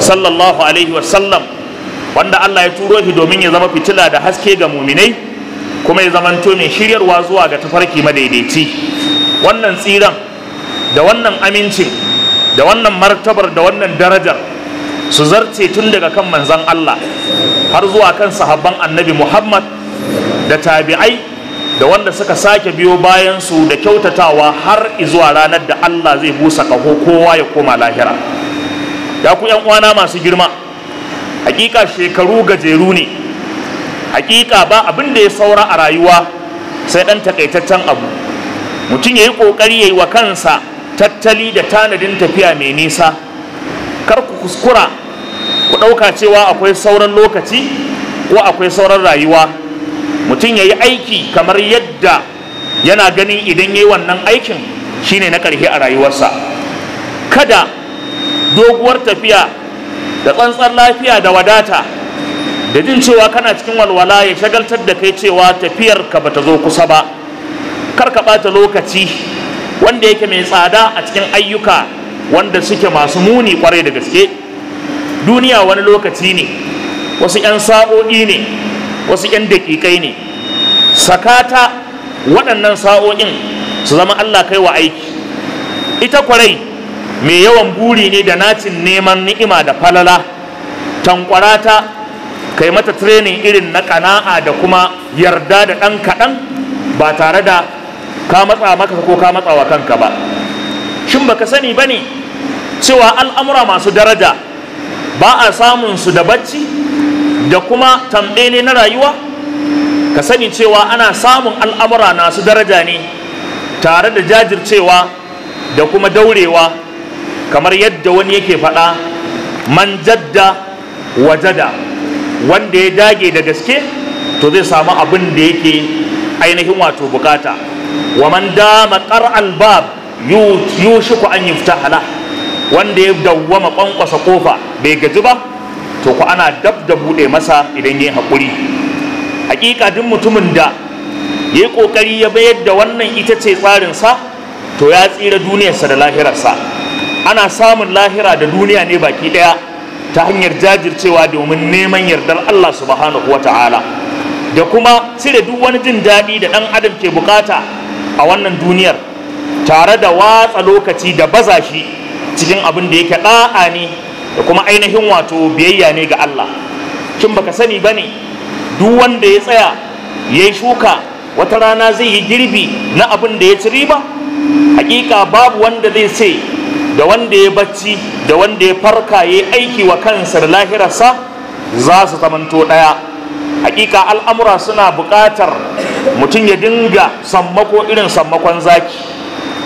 sallallahu alaihi wasallam wanda Allah ya turo shi domin ya zama fitila da haske ga muminai kuma ya zamanto mai shiryarwa zuwa ga tafarki madaidaici wannan tsiran da wannan amincin da wannan martabar da wannan darajar su zarce tun daga kan manzan Allah har zuwa kan sahabban annabi Muhammad da tabi'ai da wanda suka sake biyo bayansu da kyautatawa har zuwa ranar da Allah zai busa kaho kowa ya koma lahira. ya ku yan uwana masu girma hakika shekaru gajeru ne hakika ba abin da ya saura a rayuwa sai dan takaitaccen abu mutum yayi kokari yayi wa kansa tattali da tanadin tafiya mai nisa kar ku kuskura ku dauka cewa akwai sauran lokaci ko akwai sauran rayuwa mutum yayi aiki kamar yadda yana gani idan yayi wannan aikin shine na ƙarshe a rayuwarsa kada doguwar tafiya da tsantsar lafiya da wadata da jin cewa kana cikin walwala ya shagaltar da kai cewa tafiyar ka bata zo kusa ba kar ka ɓata lokaci wanda yake mai tsada a cikin ayyuka wanda suke masu muni kwarai da gaske duniya wani lokaci ne wasu 'yan sa'o'i ne wasu 'yan daƙiƙai ne sakata waɗannan sa'o'in su zama allah kai wa aiki ita kwarai mai yawan buri ne da nacin neman ni'ima da falala tankwara ta kai mata training irin na kana'a da kuma yarda da ɗan kaɗan ba tare da ka matsa maka ko ka matsa wa kanka ba shin baka sani ba ne cewa al'amura masu daraja ba a samun su da bacci da kuma tamɗe ne na rayuwa ka sani cewa ana samun al'amura nasu daraja ne tare da jajircewa da kuma daurewa kamar yadda wani yake faɗa man jadda wajada wanda ya dage da gaske to zai samu abin da yake ainihin wato bukata wa man dama albab bab yushiku an yi fita hala wanda ya dawwama kwankwasa ƙofa bai gaji ba to ku ana dab da bude masa idan yayi hakuri hakika duk mutumin da yayi kokari ya bayar da wannan ita ce tsarin sa to ya tsira duniyarsa da lahirarsa ana samun lahira da duniya ne baki daya ta hanyar jajircewa domin neman yardar Allah subhanahu ta'ala. da kuma cire duk wani jin daɗi da ɗan adam ke bukata a wannan duniyar tare da watsa lokaci da baza shi cikin abin da yake ɗa'a ne da kuma ainihin wato biyayya ne ga Allah kin baka sani bane duk wanda ya tsaya yayi shuka wata rana zai yi girbi na abin da ya ci riba hakika babu wanda zai ce da wanda ya bacci da wanda ya farka ya aiki wa kansa da lahirarsa za su zamanto ɗaya hakika al'amura suna buƙatar mutum ya dinga sammako irin sammakon zaki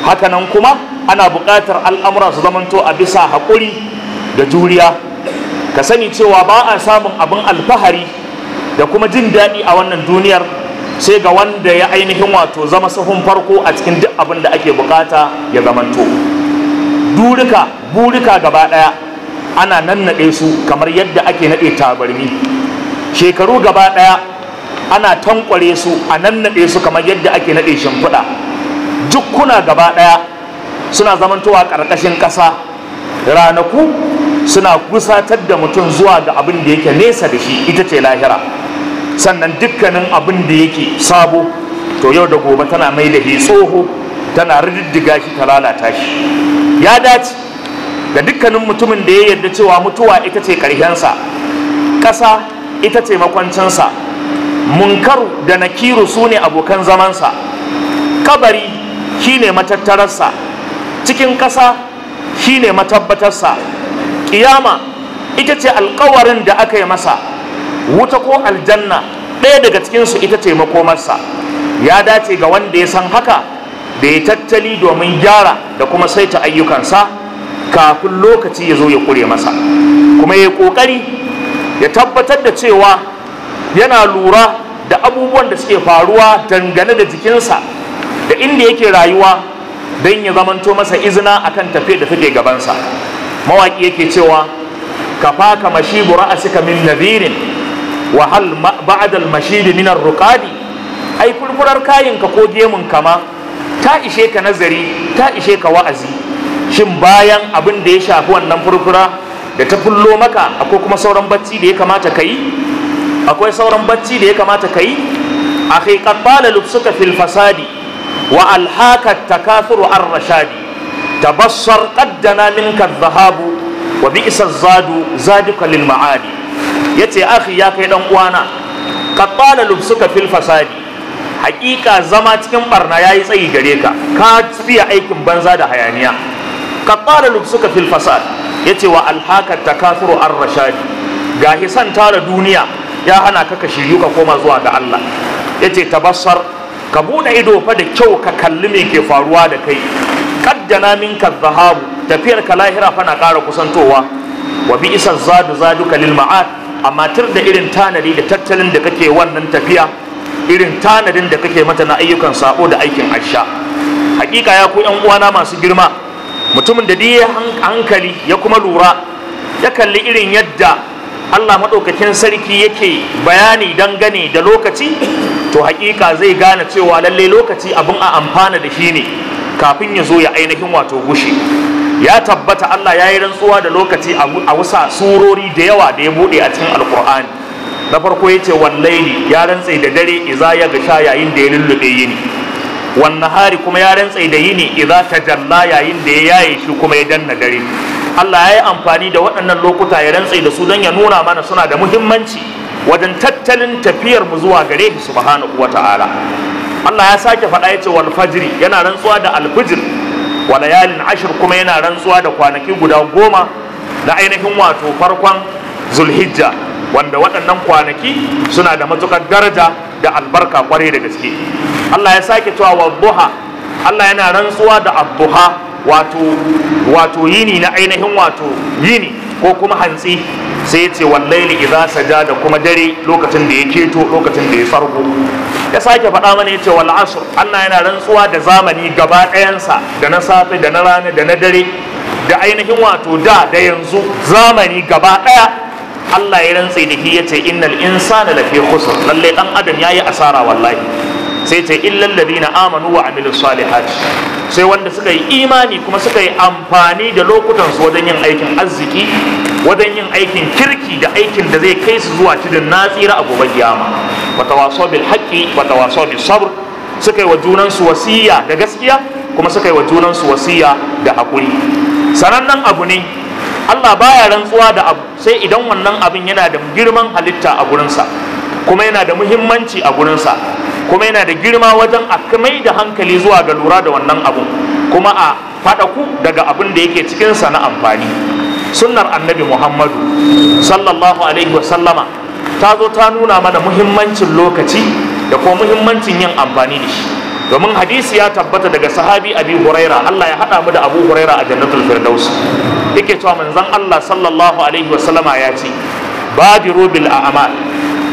hakanan kuma ana buƙatar al'amura su zamanto a bisa haƙuri da juriya ka sani cewa ba a samun abin alfahari da kuma jin daɗi a wannan duniyar sai ga wanda ya ainihin wato zama sahun farko a cikin duk abin da ake bukata ya zamanto. durika burika gaba ɗaya ana nannaɗe su kamar yadda ake naɗe tabarmi shekaru gaba daya ana tankware su a nannaɗe su kamar yadda ake naɗe shimfiɗa jukkuna gaba daya suna zamantowa ƙarƙashin ƙasa ranaku suna gusatar da mutum zuwa ga abin da yake nesa da shi ita ce lahira sannan dukkanin abin da yake sabo to yau da gobe tana mai da tsoho tana rididdiga shi ta lalata shi ya dace da dukkanin mutumin da ya yarda cewa mutuwa ita ce ƙarshensa ƙasa ita ce makwancinsa munkaru da nakiru su ne abokan zamansa kabari shine matattararsa cikin ƙasa shine matabbatarsa ƙiyama ita ce alkawarin da aka yi masa wuta ko aljanna ɗaya daga cikinsu ita ce makomarsa ya dace ga wanda ya san haka da ya tattali domin gyara da kuma saita ayyukansa kafin lokaci ya zo ya kure masa kuma ya yi ƙoƙari, ya tabbatar da cewa yana lura da abubuwan da suke faruwa dangane da jikinsa da inda yake rayuwa don ya zamanto masa izina akan tafe da take gabansa mawaƙi yake cewa ka mashi ka a suka min nazirin, wa hal ba'dal mashidi da ar rukadi, ai kulkurar kayanka ko gemun kama ta ishe ka nazari ta ishe ka wa'azi shin bayan abin da ya shafi wannan furfura da ta fullo maka akwai kuma sauran bacci da ya kamata ka yi akwai sauran bacci da ya kamata ka yi a kai kabbala lubsuka fil fasadi wa alhaka takafuru an rashadi tabassar min minka wa bi'sa zadu zaduka lil ma'adi yace akhi ya kai ɗan uwana kabbala lubsuka fil fasadi hakika zama cikin barna yi tsayi gare ka ka fiye aikin banza da hayaniya ka qala lubsuka fil fasad yace wa ta takafuru ar rashadi gahi san tara duniya ya hana ka ka shiryu ka koma zuwa ga Allah yace tabassar ka buɗe ido fa da kyau ka kalli me ke faruwa da kai min ka zahabu, tafiyar ka lahira fa na ƙara kusantowa wa bi isa zadu zaduka lil ma'ad amma tir da irin tanadi da tattalin da kake wannan tafiya irin tanadin da kake mata na ayyukan sabo da aikin aisha hakika ya ku yan uwana masu girma mutumin da dai hankali ya kuma lura ya kalli irin yadda Allah maɗaukakin sarki yake bayani dangane da lokaci to hakika zai gane cewa lalle lokaci abin a amfana da shi ne kafin ya zo ya ainihin wato gushe ya tabbata Allah ya yi rantsuwa da lokaci a wasa surori da yawa da ya buɗe a cikin alkur'ani na farko ya ce wallaili ya rantse da dare iza ya gasha yayin da ya lullube yini wannan Hari kuma ya rantse da yini iza ta tajalla yayin da ya yaye shi kuma ya danna dare Allah ya yi amfani da waɗannan lokuta ya rantse da su don ya nuna mana suna da muhimmanci wajen tattalin tafiyar mu zuwa gare shi subhanahu ta'ala. Allah ya sake faɗa ya ce wal fajri yana rantsuwa da alfijir wa layalin ashir kuma yana rantsuwa da kwanaki guda goma na ainihin wato farkon zulhijja wanda waɗannan kwanaki suna da matukar daraja da albarka kwarai da gaske Allah ya sake cewa wa duha Allah yana rantsuwa da abuha wato wato yini na ainihin wato yini ko kuma hantsi sai ya ce wallaili idza saja da kuma dare lokacin da ya keto lokacin da ya farko ya sake faɗa mana ya ce wal asr Allah yana rantsuwa da zamani gaba ɗayansa da na safe da na rana da na dare da ainihin wato da da yanzu zamani gaba ɗaya Allah ya rantse da ya yace innal insana lafi khusr lalle dan adam yayi asara wallahi sai ce illal ladina amanu wa amilus salihat sai wanda suka yi imani kuma suka yi amfani da lokutan su wajen yin aikin arziki wajen yin aikin kirki da aikin da zai kai su zuwa cikin natsira a gobe kiyama wa tawasaw bil haqqi wa tawasaw bis sabr suka yi wa su wasiya da gaskiya kuma suka yi wa su wasiya da hakuri sanannen abu ne Allah baya rantsuwa da abu sai idan wannan abin yana da girman halitta a gurinsa kuma yana da muhimmanci a gurinsa kuma yana da girma wajen a mai da hankali zuwa ga lura da wannan abu kuma a faɗaku daga abin da yake cikinsa na amfani sunnar annabi muhammadu sallallahu alaihi wasallama ta zo ta nuna mana muhimmancin lokaci da kuma muhimmancin yin amfani da shi domin hadisi ya tabbata daga sahabi abi huraira allah ya haɗa mu da abu huraira a jannatul firdaus yake cewa manzon Allah sallallahu alaihi sallama ya ce badiru bil a'mal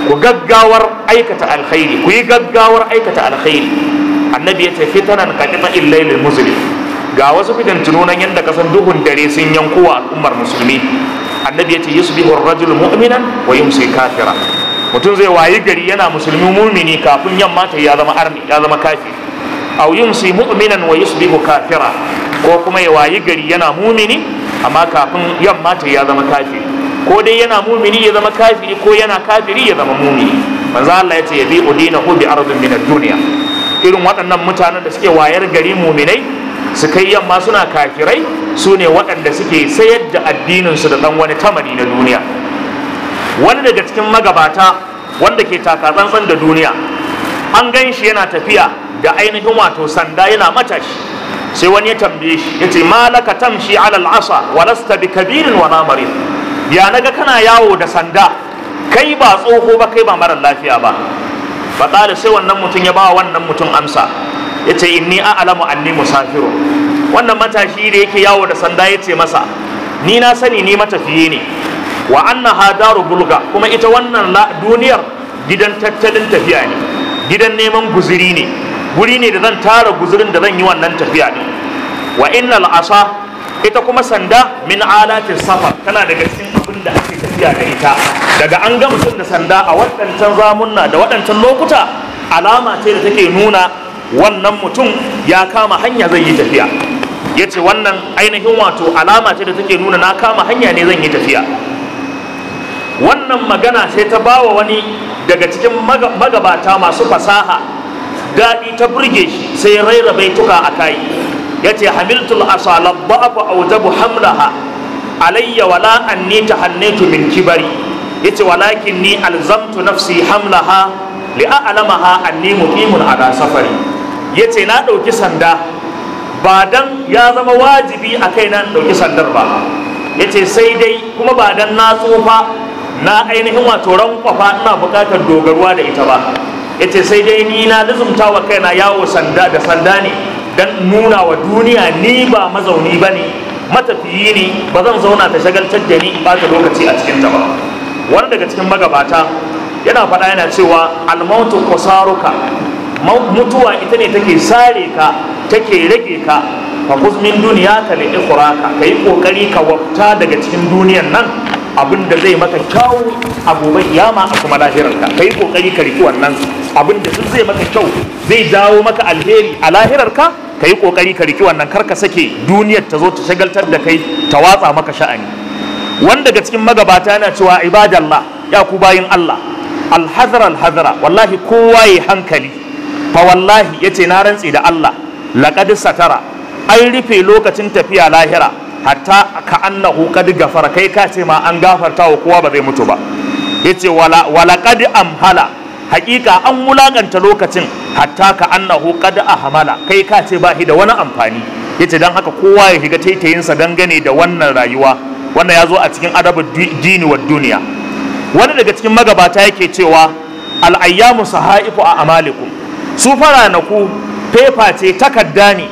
ku gaggawar aikata alkhairi ku yi gaggawar aikata alkhairi annabi ya ce fitanan kadita illailil muslim ga wasu fitantunu nan yadda kasan duhun dare sun wa al'ummar musulmi annabi ya ce yusbihu ar-rajul mu'minan wa yumsi kafira mutum zai wayi gari yana musulmi mumini kafin yamma ta ya zama arni ya zama kafiri aw yumsi mu'minan wa yusbihu kafira ko kuma ya wayi gari yana mumini amma kafin yamma ta ya zama kafiri ko dai yana mumini ya zama kafiri ko yana kafiri ya zama mumini manzo Allah ya ce yabi udina hu bi ardin min ad-dunya irin waɗannan mutanen da suke wayar gari muminai su kai yamma suna kafirai su ne waɗanda suke sayar da addinin su da dan wani tamari na duniya wani daga cikin magabata wanda ke taka tsantsan da duniya an gan shi yana tafiya da ainihin wato sanda yana matashi sai wani ya tambaye shi ya ce malaka tamshi alal asa walasta bi kabirin wa namarin ya naga kana yawo da sanda kai ba tsoho ba kai ba marar lafiya ba faɗaɗa sai wannan mutum ya ba wannan mutum amsa ya ce inni a alamu anni musafiru wannan matashi da yake yawo da sanda ya ce masa ni na sani ni matafiye ne wa anna hadaru bulga kuma ita wannan duniyar gidan tattalin tafiya ne gidan neman guziri ne guri ne da zan tara guzurin da zan yi wannan tafiya din wa inna al'asa ita kuma sanda min alatin safar tana daga cikin abin da ake tafiya da ita daga an ga mutum da sanda a waɗancan zamunna da waɗancan lokuta alama ce da take nuna wannan mutum ya kama hanya zai yi tafiya ya ce wannan ainihin wato alama ce da take nuna na kama hanya ne zan yi tafiya wannan magana sai ta bawa wani daga cikin magabata masu fasaha daɗi ta burge shi sai raira baituka a kai ya ce hamiltul asa labba'afu autabu hamlaha alayya wala ta tahannaitu min kibari ya ce walakin ni alzamtu nafsi hamlaha li'a'lamaha anni muqimun ala safari ya ce na ɗauki sanda ba dan ya zama wajibi a kai na ɗauki sandar ba ya ce sai dai kuma ba dan na tsufa na ainihin wato rankwafa ina buƙatar dogaruwa da ita ba ya ce sai dai ni na lizumta wa kaina yawo sanda da sanda ne don nuna wa duniya ni ba mazauni ba ne matafiyi ne ba zan zauna ta shagaltar da ni bata lokaci a cikin ta ba wani daga cikin magabata yana faɗa yana cewa almautu kusaruka mutuwa ita ne take sare ka take rage ka fa kuzmin duniya ka ne ka kai kokari ka wafta daga cikin duniyan nan abin da zai maka kyau a gobe kiyama a kuma lahirarka kai kokari ka riki wannan abin da duk zai maka kyau zai dawo maka alheri a lahirarka ka yi kokari ka riki wannan kar ka sake duniyar ta zo ta shagaltar da kai ta watsa maka sha'ani wanda daga cikin magabata yana cewa ibadallah ya ku bayin Allah alhazar alhazara wallahi kowa yi hankali fa wallahi yace na rantsi da Allah laqad satara an rufe lokacin tafiya lahira hatta ka annahu kad gafara kai ka ce ma an gafarta wa kowa ba zai mutu ba yace wala wala amhala hakika an mulaganta lokacin hatta ka annahu kad ahmala kai ka ce ba shi da wani amfani yace dan haka kowa ya shiga taitayinsa dangane da wannan rayuwa wannan ya zo a cikin adabu dini wa duniya wani daga cikin magabata yake cewa al ayyamu sahaifu a amalikum su faranaku fefa ce takarda ne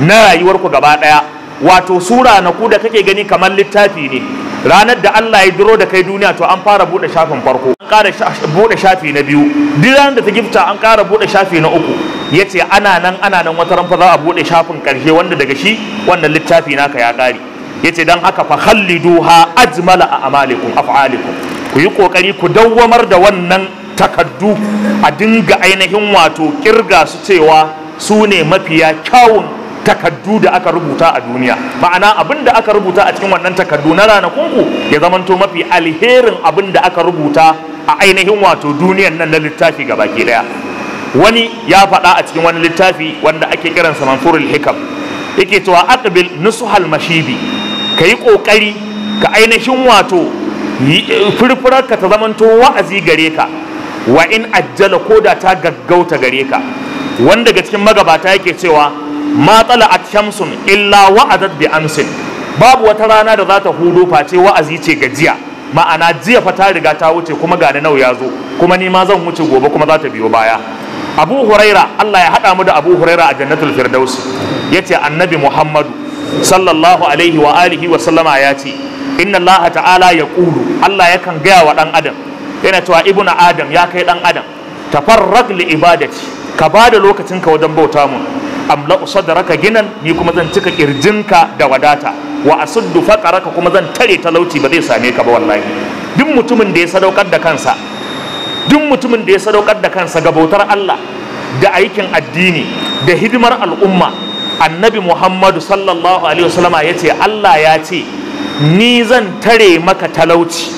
na rayuwarku gaba daya wato sura na ku da kake gani kamar littafi ne ranar da Allah ya duro da kai duniya to an fara bude shafin farko an ƙara bude shafi na biyu duk ranar da ta gifta an kara bude shafi na uku yace ana nan ana nan wata fa za a bude shafin karshe wanda daga shi wannan littafi naka ya kare yace dan don haka fa khalliduha ajmala a amalikum af'alikum ku yi kokari ku dawwamar da wannan takaddu a dinga ainihin wato kirga su cewa su ne mafiya kyawun takaddu da aka rubuta a duniya ma'ana abin da aka rubuta a cikin wannan takaddu na ranakunku ya zamanto mafi alherin abin da aka rubuta a ainihin wato duniyan nan na littafi ga baki daya wani ya faɗa a cikin wani littafi wanda ake kiransa manfurul hikam yake cewa aqbil nusuhal mashibi ka yi ka ainihin wato furfurar ka ta zamanto wa'azi gare ka wa in ajjala ko da ta gaggauta gare ka wanda daga cikin magabata yake cewa ma a shamsun illa wa'adat bi amsin babu wata rana da za ta hudo face wa'azi ce gajiya ma'ana jiya fa ta riga ta wuce kuma ga nau ya zo kuma ni ma zan wuce gobe kuma za ta biyo baya abu huraira allah ya haɗa mu da abu huraira a jannatul firdausi ya ce annabi muhammadu sallallahu alaihi wa alihi wa sallama ya ce inna allah ta'ala ya ƙulu allah yakan gaya wa ɗan adam yana cewa ibnu adam ya kai ɗan adam tafarrak li ibadati ka bada lokacinka wajen bauta mu amla usadaraka, ginan ni kuma zan cika kirjinka da wadata wa asuddu faqaraka kuma zan tare talauci ba zai same ka ba wallahi duk mutumin da ya sadaukar da kansa duk mutumin da ya sadaukar da kansa ga bautar Allah da aikin addini da hidimar al'umma annabi Muhammadu sallallahu alaihi wasallama yace Allah ya ce ni zan tare maka talauci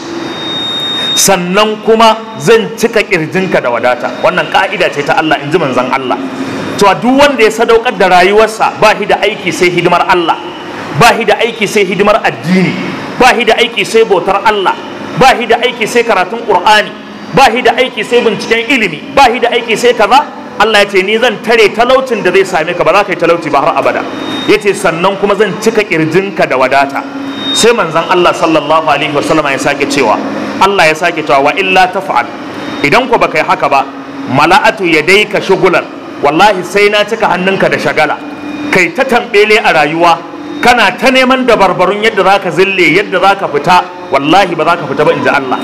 sannan kuma zan cika kirjinka da wadata wannan ka'ida ce ta Allah in ji manzon Allah cewa duk wanda ya sadaukar da rayuwarsa ba shi da aiki sai hidimar Allah ba shi da aiki sai hidimar addini ba shi da aiki sai bautar Allah ba shi da aiki sai karatun Qur'ani ba shi da aiki sai binciken ilimi ba shi da aiki sai kaza Allah ya ce ni zan tare talaucin da zai same ka ba za ka yi talauci ba har abada ya ce sannan kuma zan cika ka da wadata sai manzon Allah sallallahu alaihi wasallam ya sake cewa Allah ya sake cewa wa illa taf'al idan ku baka yi haka ba mala'atu yadayka shugulan wallahi sai na cika hannunka da shagala kai ta tambele a rayuwa kana ta neman dabarbarun yadda za ka zille yadda za ka fita wallahi ba za ka fita ba in ji Allah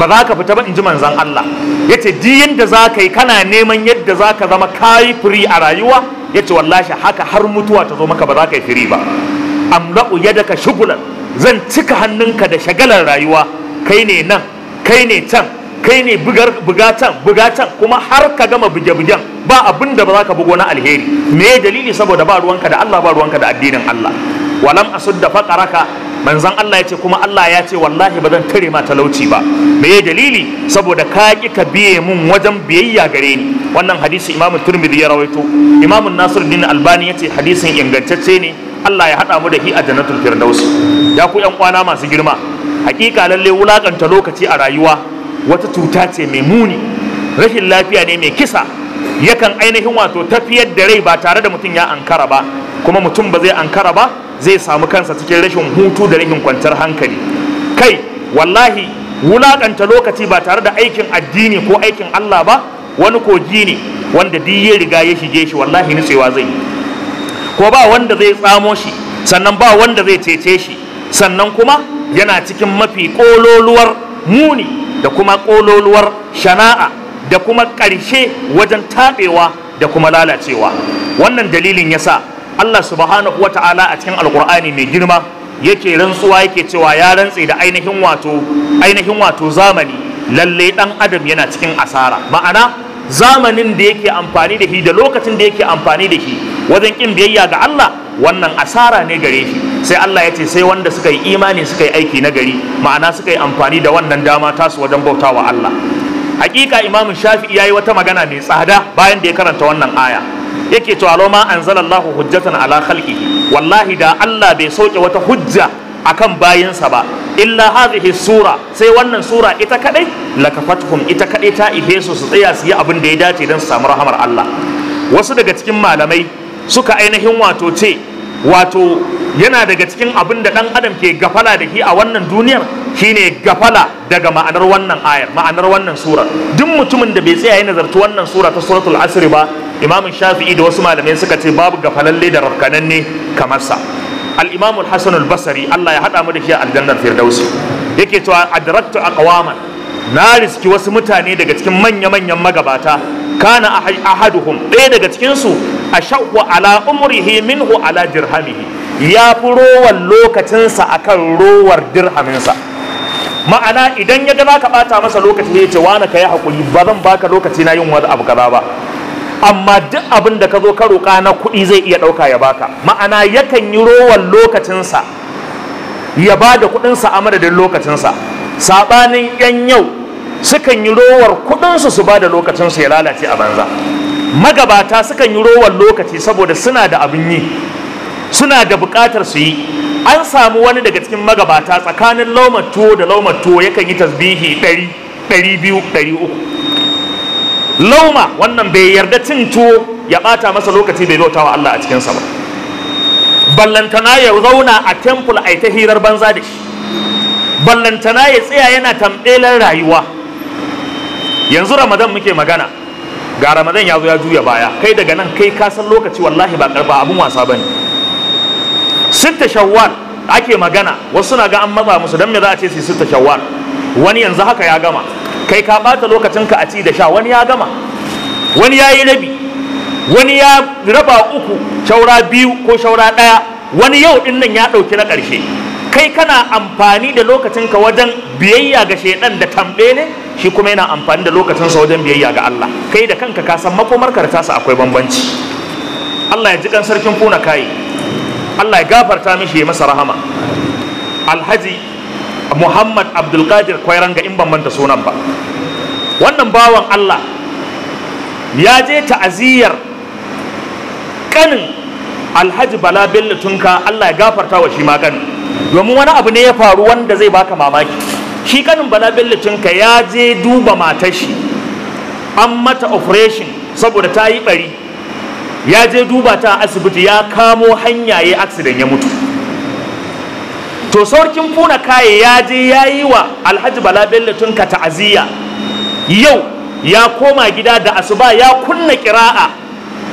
ba za ka fita ba in ji manzan Allah ya ce diyin da za ka kana neman yadda za ka zama kayi firi a rayuwa ya ce wallahi haka har mutuwa ta zo maka ba za ka yi firi ba amla'u yadaka shugulan zan cika hannunka da shagalar rayuwa kai ne nan kai ne can kai ne bugatan bugatan kuma har ka gama buge-bugen ba abin da ba za ka bugo na alheri me dalili saboda ba ruwanka da Allah ba ruwanka da addinin Allah walam asudda faqaraka manzon Allah ya ce kuma Allah ya ce wallahi ba zan tare ma talauci ba me dalili saboda ka ki ka biye mun wajen biyayya gare ni wannan hadisi imamu turmidi ya rawaito imamu nasiruddin albani ya ce hadisin ingantacce ne Allah ya haɗa mu da hi a jannatul firdaus ya ku yan kwana masu girma hakika lalle wulakanta lokaci a rayuwa wata cuta ce mai muni rashin lafiya ne mai kisa yakan ainihin wato tafiyar da rai ba tare da mutum ya ankara ba kuma mutum ba zai ankara ba zai samu kansa cikin rashin hutu da rashin kwantar hankali kai wallahi wulaƙanta lokaci ba tare da aikin addini ko aikin Allah ba wani kogi ne wanda duk ya riga ya shige shi wallahi nutsewa zai ko ba wanda zai tsamo shi sannan ba wanda zai cece shi sannan kuma yana cikin mafi kololuwar muni da kuma ƙololuwar shana'a da kuma ƙarshe wajen taɓewa da kuma lalacewa wannan dalilin yasa Allah subhanahu wa ta'ala a cikin alƙur'ani mai girma yake rantsuwa yake cewa ya rantse da ainihin wato ainihin wato zamani lalle ɗan adam yana cikin asara ma'ana zamanin da yake amfani da shi da lokacin da yake amfani da shi wajen ƙin biyayya ga Allah wannan asara ne gare shi sai Allah ya ce sai wanda suka yi imani suka yi aiki na gari ma'ana suka yi amfani da wannan dama tasu wajen bauta wa Allah hakika imamu shafi'i yi wata magana mai tsada bayan da ya karanta wannan aya yake to aloma anzalallahu hujjatan ala khalqihi wallahi da Allah bai sauke wata hujja akan bayinsa ba illa hadhihi sura sai wannan sura ita kadai lakafatkum ita kadai ta ihe su su tsaya su yi abin da ya dace don su samu rahamar Allah wasu daga cikin malamai suka ainihin wato ce wato yana daga cikin abin da ɗan adam ke gafala da ke a wannan duniyar Shi ne gafala daga ma'anar wannan ayar ma'anar wannan surar duk mutumin da bai tsaya ya nazarci wannan sura ta suratul asri ba imamin shafi'i da wasu malamai suka ce babu gafalalle da rakananne kamar sa al-imamu al-hasan basri Allah ya haɗa mu da shi a aljannar firdausi yake cewa adraktu aqwaman na riski wasu mutane daga cikin manya-manyan magabata kana ahaduhum ɗaya daga cikinsu hashawwa ala umrihi minhu ala dirhamihi ya fi rowar lokacinsa akan rowar dirhaminsa ma'ana idan ya ga zaka bata masa lokaci ne ce wani ka yi hakuri ba zan baka lokaci na yin wani abu kaza ba amma duk abin da ka zo ka roƙa na kuɗi zai iya ɗauka ya baka ma'ana yakan yi rowar lokacinsa ya ba da kuɗinsa a madadin lokacinsa saɓanin 'yan yau sukan yi rowar kuɗinsu su bada da lokacinsu ya lalace a banza magabata sukan yi rowan lokaci saboda suna da abin yi suna da buƙatar su yi an samu wani daga cikin magabata tsakanin laumar tuwo da laumar tuwo yakan yi tasbihi ɗari ɗari biyu ɗari uku lauma wannan bai yarda cin tuwo ya ɓata masa lokaci bai bauta wa Allah a cikinsa ba ballantana ya zauna a temple a ta hirar banza da shi ballantana ya tsaya yana tambelar rayuwa yanzu ramadan muke magana ga ramadan ya zo ya juya baya kai daga nan kai ka san lokaci wallahi ba karba, abun wasa bane sitta shawwal ake magana wasu na ga an maza musu dan me za a ce su sitta shawwal wani yanzu haka ya gama kai ka bata lokacinka a ci da sha wani ya gama wani ya yi rabi wani ya raba uku shaura biyu ko shaura ɗaya wani yau din nan ya ɗauki na ƙarshe kai kana amfani da lokacinka wajen biyayya ga shaidan da tambe ne shi kuma yana amfani da lokacinsa wajen biyayya ga Allah kai da kanka ka san makomarka da tasa akwai bambanci Allah ya ji kan sarkin kuna kai Allah ya gafarta mishi ya masa rahama Alhaji Muhammad Abdul Qadir Kwairanga in ban manta sunan ba wannan bawan Allah ya je ta'aziyar kanin Alhaji Bala Bello Tunka Allah ya gafarta wa shi ma domin wani abu ne ya faru wanda zai baka mamaki shi kanin bala ka ya je duba matar shi an mata operation saboda ta yi bari ya je duba ta asibiti ya kamo hanya ya accident ya mutu to sarkin funa kaye ya je ya yi wa alhaji bala ka ta'aziyya yau ya koma gida da asuba ya kunna kira'a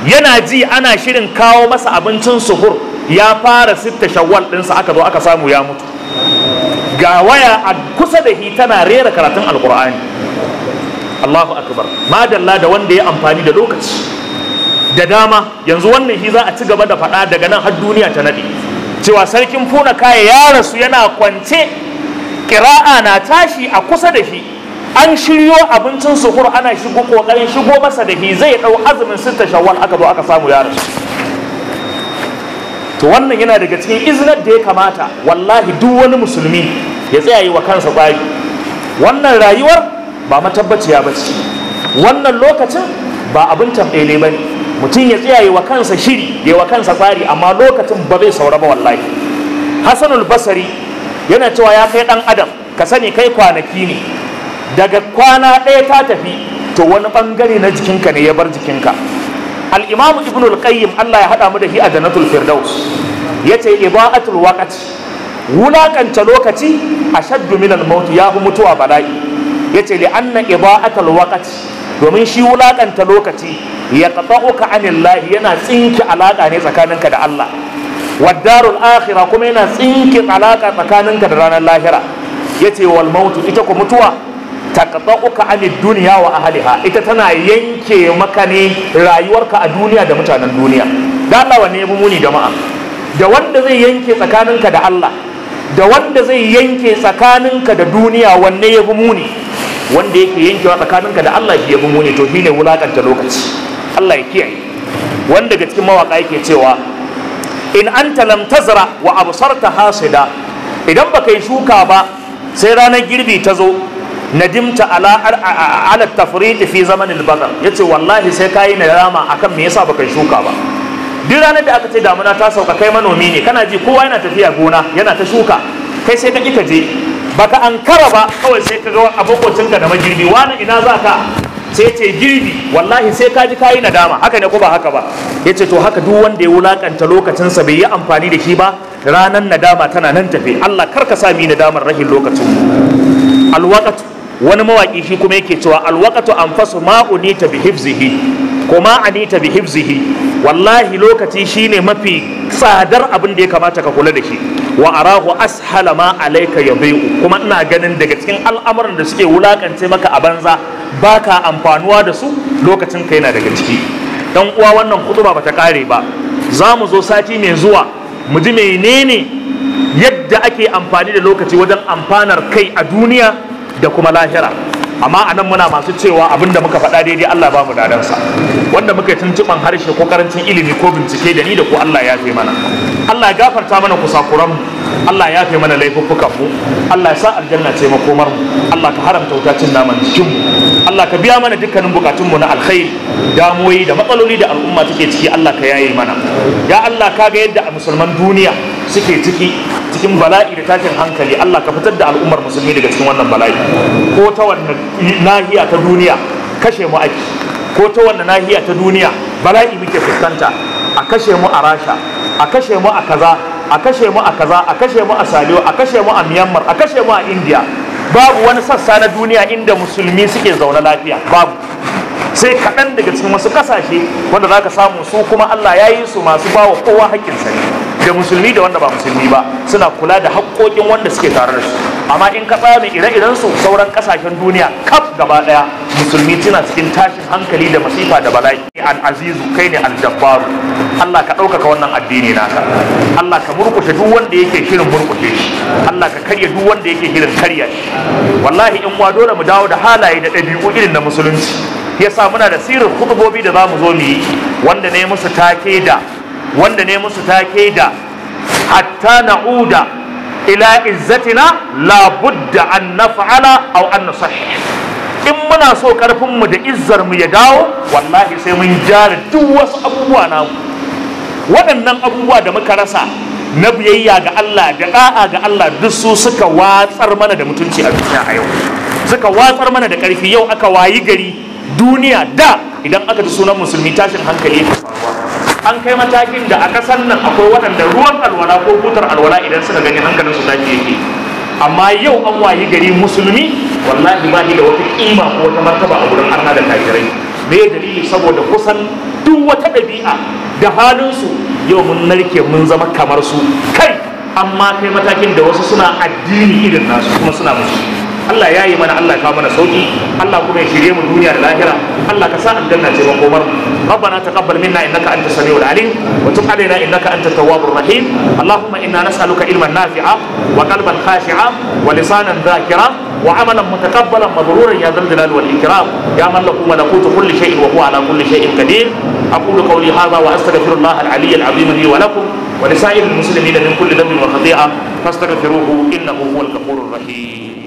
yana ji ana shirin kawo masa abincin suhur ya fara sitta shawwal ɗinsa aka zo aka samu ya mutu ga waya a kusa da hi tana rera karatun alkur'ani allahu akbar madalla da wanda ya amfani da lokaci da dama yanzu wannan shi za a ci gaba da faɗa daga nan har duniya ta naɗe cewa sarkin funa kaya ya rasu yana kwance kira'a na tashi a kusa da shi an shiryo abincin suhur ana shigo kokarin shigo masa da shi zai ɗau azumin sitta shawwal aka zo aka samu ya rasu to wannan yana daga cikin iznar da ya kamata wallahi duk wani musulmi ya tsaya yi wa kansa ƙwari wannan rayuwar ba matabbaciya ba ce wannan lokacin ba abin tambaye ba ne mutum ya tsaya yi wa kansa shiri ya wa kansa kwari, amma lokacin ba zai saura ba wallahi hasanul basari yana cewa ya kai ɗan adam ka sani kai kwanaki ne daga kwana ɗaya ta tafi to wani ɓangare na jikinka ne ya bar jikinka al-imam ibn al-qayyim Allah ya haɗa mu da shi a jannatul firdaus yace ibaatul waqti wulakanta lokaci a min al-maut ya fi mutuwa bala'i yace li anna ibaatul waqti domin shi wulakanta lokaci ya ka anillahi yana tsinki alaka ne tsakaninka da Allah waddarul akhirah kuma yana tsinki alaka tsakaninka da ranar lahira yace wal maut ita ku mutuwa taqta'uka anid dunya wa ahliha ita tana yanke maka ne rayuwarka a duniya da mutanen duniya da Allah wanne ya muni jama'a da wanda zai yanke tsakaninka da Allah da wanda zai yanke tsakaninka da duniya wanne ya muni wanda yake yankewa tsakaninka da Allah shi ya muni to shine wulakanta lokaci Allah ya kiyaye wanda daga cikin mawaka yake cewa in anta lam tazra wa absarta hasida idan baka yi shuka ba sai ranar girbi ta zo nadimta ala ala tafriqi fi zamanin badar yace wallahi sai kai nadama akan me yasa baka shuka ba duk ranar da aka ce damuna ta sauka kai manomi ne kana ji kowa yana tafiya gona yana ta shuka kai sai ka ki ka je baka ankara ba kawai sai ka ga ka da magirbi wani ina za ka sai ce girbi wallahi sai ka ji kayi nadama haka ne ko ba haka ba yace to haka duk wanda ya wulakanta lokacinsa bai yi amfani da shi ba ranar nadama tana nan tafe Allah kar ka sa sami nadamar rahin lokacin alwaqatu wani mawaki shi kuma yake cewa alwaqatu anfasu ma unita bi hifzihi ko ma anita bi hifzihi wallahi lokaci shine mafi tsadar abin da ya kamata ka kula da shi wa arahu ashala ma alayka yabiu kuma ina ganin daga cikin al'amuran da suke wulakance maka a banza baka amfanuwa da su lokacin ka yana daga ciki dan uwa wannan kutuba bata kare ba za mu zo sati mai zuwa mu ji menene yadda ake amfani da lokaci wajen amfanar kai a duniya da kuma lahira amma a nan muna masu cewa abinda muka faɗa daidai Allah ba mu dadansa wanda muka tuntuɓan harshe ko karancin ilimi ko bincike da ni da ku Allah ya fi mana Allah ya gafarta mana kusakuran mu Allah ya fi mana laifuffukan mu Allah ya sa aljanna ce makomar mu Allah ka haramta wuta cin naman jikin mu Allah ka biya mana dukkanin bukatun mu na alkhairi damuwoyi, da matsaloli da al'umma take ciki Allah ka yaye mana ya Allah ka ga yadda musulman duniya suke ciki cikin bala'i da tashin hankali Allah ka fitar da al'ummar musulmi daga cikin wannan bala'i ko ta wannan nahiya ta duniya kashe mu aiki? ko ta wannan nahiya ta duniya bala'i muke fuskanta a kashe mu a rasha a kashe mu a kaza a kashe mu a kaza a kashe mu a salo, a kashe mu a myanmar a kashe mu a india babu wani sassa na duniya inda musulmi suke zaune lafiya babu sai kaɗan daga cikin wasu ƙasashe wanda za ka samu su kuma allah ya yi su masu bawa kowa haƙƙinsa ne da musulmi da wanda ba musulmi ba suna kula da haƙƙoƙin wanda suke tare da su amma in ka tsaya mai ire-iren su sauran ƙasashen duniya kaf gaba ɗaya musulmi suna cikin tashin hankali da masifa da bala'i al-azizu kai ne al Allah ka ɗaukaka wannan addini naka Allah ka murkushe duk wanda yake shirin murkushe shi Allah ka karya duk wanda yake shirin karya shi wallahi in wa dole mu dawo da halaye da ɗabi'u irin da musulunci yasa muna da sirrin hutubobi da za mu zo mu yi wanda ne musu take da wanda ne musu take da hatta na'uda ila izzatina la an naf'ala aw an nusahih in muna so karfin mu da izzar mu ya dawo wallahi sai mun jara duk wasu abubuwa namu waɗannan abubuwa da muka rasa na biyayya ga Allah da da'a ga Allah duk su suka watsar mana da mutunci a duniya a yau suka watsar mana da ƙarfi yau aka wayi gari duniya da idan aka ji sunan musulmi tashin hankali ya faruwa an kai matakin da a kasan nan akwai waɗanda ruwan alwala ko butar alwala idan suka gani hankalin su tashi yake amma yau an wayi gari musulmi wallahi ba da wata kima ko wata martaba a wurin Allah da kafirai me dalili saboda kusan duk wata ɗabi'a da halin su yau mun narke mun zama kamar su kai amma kai matakin da wasu suna addini irin nasu kuma suna musulmi Allah ya yi mana Allah ya kawo mana sauki Allah kuma ya shirye mu duniya da lahira Allah ka sa aljanna ce makomar ربنا تقبل منا انك انت السميع العليم وتب علينا انك انت التواب الرحيم اللهم انا نسالك علما نافعا وقلبا خاشعا ولسانا ذاكرا وعملا متقبلا مبرورا يا ذا الجلال والاكرام يا من له ملكوت كل شيء وهو على كل شيء قدير اقول قولي هذا واستغفر الله العلي العظيم لي ولكم ولسائر المسلمين من كل ذنب وخطيئه فاستغفروه انه هو الغفور الرحيم